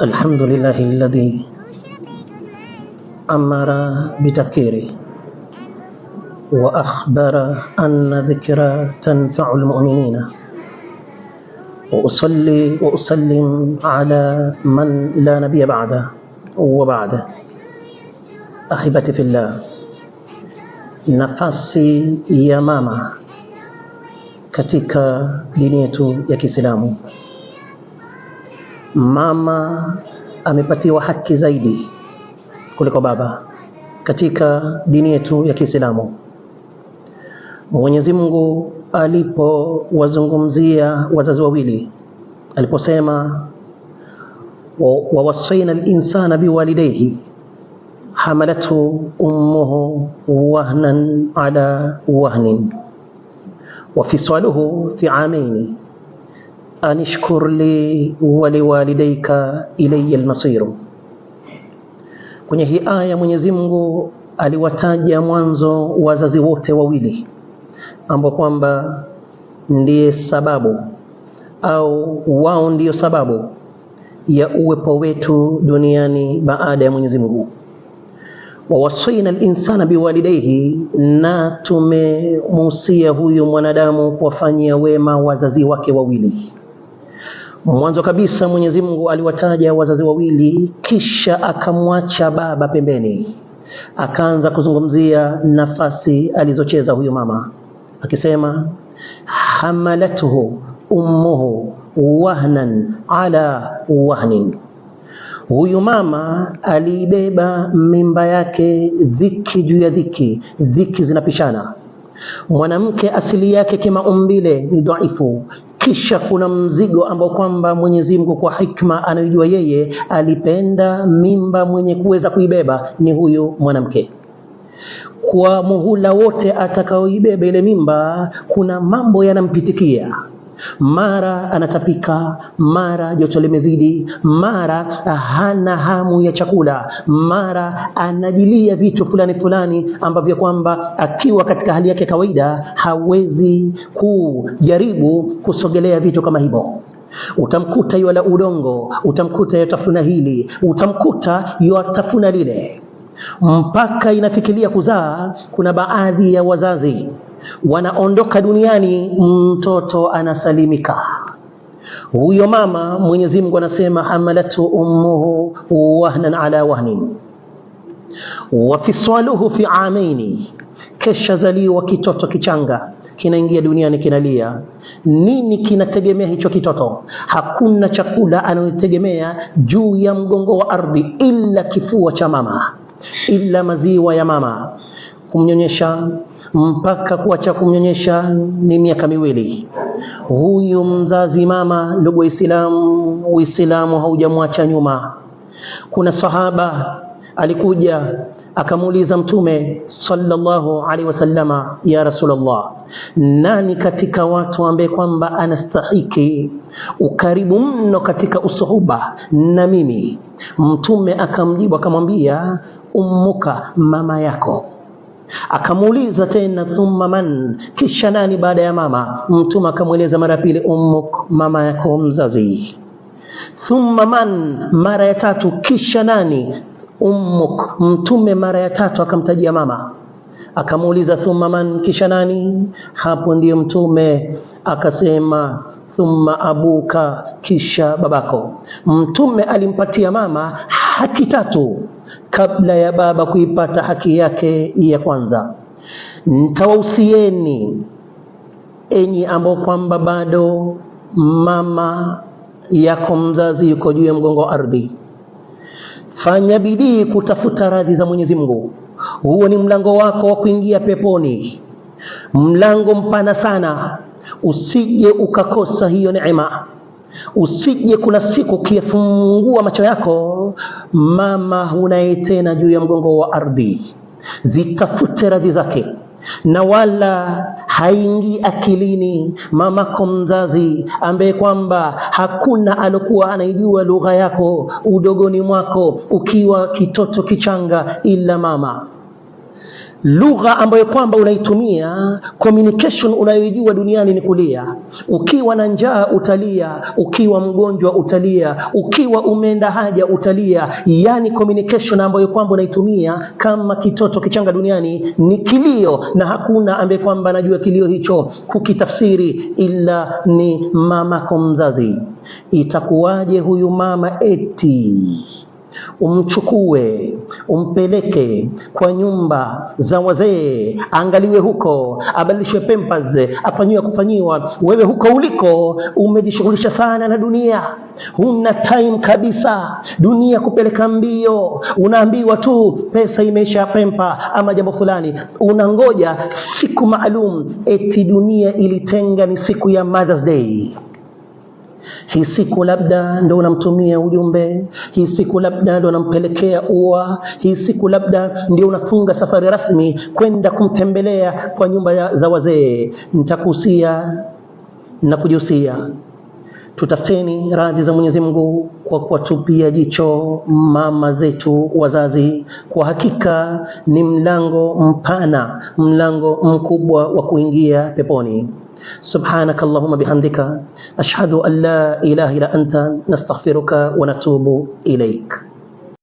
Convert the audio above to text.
الحمد لله الذي أمر بتذكيره وأخبر أن ذكرى تنفع المؤمنين وأصلي وأسلم على من لا نبي بعده وبعده أحبتي في الله نفسي ماما katika dini yetu ya Kiislamu. Mama amepatiwa haki zaidi kuliko baba katika dini yetu ya Kiislamu. Mwenyezi Mungu alipowazungumzia wazazi wawili aliposema, wawasaina linsana biwalidaihi hamalathu ummuhu wahnan ala wahnin wafisaluhu fi amaini anishkur li waliwalidaika ilayya almasiru. Kwenye hii aya Mwenyezi Mungu aliwataja mwanzo wazazi wote wawili ambao kwamba ndiye sababu au wao ndiyo sababu ya uwepo wetu duniani baada ya Mwenyezi Mungu wawasaina linsana biwalidaihi, na tumemuhusia huyu mwanadamu kuwafanyia wema wazazi wake wawili. Mwanzo kabisa Mwenyezi Mungu aliwataja wazazi wawili, kisha akamwacha baba pembeni, akaanza kuzungumzia nafasi alizocheza huyu mama akisema, hamalathu ummuhu wahnan ala wahnin Huyu mama aliibeba mimba yake dhiki juu ya dhiki, dhiki zinapishana. Mwanamke asili yake kimaumbile ni dhaifu, kisha kuna mzigo ambao kwamba Mwenyezi Mungu kwa hikma anayojua yeye alipenda mimba, mwenye kuweza kuibeba ni huyu mwanamke kwa muhula wote atakaoibeba ile mimba, kuna mambo yanampitikia mara anatapika, mara joto limezidi, mara hana hamu ya chakula, mara anajilia vitu fulani fulani ambavyo kwamba akiwa katika hali yake kawaida hawezi kujaribu kusogelea vitu kama hivyo. Utamkuta yola udongo, utamkuta yatafuna hili, utamkuta yatafuna lile, mpaka inafikiria kuzaa. Kuna baadhi ya wazazi wanaondoka duniani, mtoto anasalimika. Huyo mama Mwenyezi Mungu anasema hamalathu ummuhu wahnan ala wahnin wa fisaluhu fi amaini, kesha zaliwa kitoto kichanga kinaingia duniani kinalia. Nini kinategemea hicho kitoto? Hakuna chakula anayotegemea juu ya mgongo wa ardhi ila kifua cha mama, ila maziwa ya mama kumnyonyesha mpaka kuacha kumnyonyesha ni miaka miwili. Huyu mzazi mama, ndugu Waislamu, Uislamu haujamwacha nyuma. Kuna sahaba alikuja akamuuliza Mtume sallallahu alaihi wasallama, ya Rasulullah, nani katika watu ambaye kwamba anastahiki ukaribu mno katika usuhuba na mimi? Mtume akamjibu akamwambia, ummuka, mama yako Akamuuliza tena thumma man, kisha nani baada ya mama? Mtume akamweleza mara pili, ummuk, mama yako mzazi. Thumma man, mara ya tatu, kisha nani? Ummuk. Mtume mara ya tatu akamtajia mama, akamuuliza thumma man, kisha nani? Hapo ndiyo mtume akasema thumma abuka, kisha babako. Mtume alimpatia mama haki tatu kabla ya baba kuipata haki yake ya kwanza. Ntawausieni enyi ambao kwamba bado mama yako mzazi yuko juu ya mgongo wa ardhi, fanya bidii kutafuta radhi za Mwenyezi Mungu. Huo ni mlango wako wa kuingia peponi, mlango mpana sana, usije ukakosa hiyo neema. Usije kuna siku ukiyafungua macho yako, mama hunaye tena juu ya mgongo wa ardhi. Zitafute radhi zake na wala haingii akilini mamako mzazi ambaye kwamba hakuna alokuwa anaijua lugha yako udogoni mwako ukiwa kitoto kichanga ila mama lugha ambayo kwamba unaitumia communication unayoijua duniani ni kulia. Ukiwa na njaa utalia, ukiwa mgonjwa utalia, ukiwa umeenda haja utalia. Yani communication ambayo kwamba unaitumia kama kitoto kichanga duniani ni kilio, na hakuna ambaye kwamba anajua kilio hicho kukitafsiri ila ni mamako mzazi. Itakuwaje huyu mama eti umchukue umpeleke kwa nyumba za wazee, angaliwe huko, abadilishe pempas afanyiwe kufanyiwa. Wewe huko uliko umejishughulisha sana na dunia, huna time kabisa dunia kupeleka mbio. Unaambiwa tu pesa imeisha pempa ama jambo fulani, unangoja siku maalum, eti dunia ilitenga ni siku ya Mother's Day hii siku labda ndo unamtumia ujumbe, hii siku labda ndo unampelekea ua, hii siku labda ndio unafunga safari rasmi kwenda kumtembelea kwa nyumba za wazee. Nitakuhusia na kujihusia, tutafuteni radhi za Mwenyezi Mungu kwa kuwatupia jicho mama zetu wazazi. Kwa hakika ni mlango mpana, mlango mkubwa wa kuingia peponi. سبحانك اللهم بحمدك أشهد أن لا إله إلا أنت نستغفرك ونتوب إليك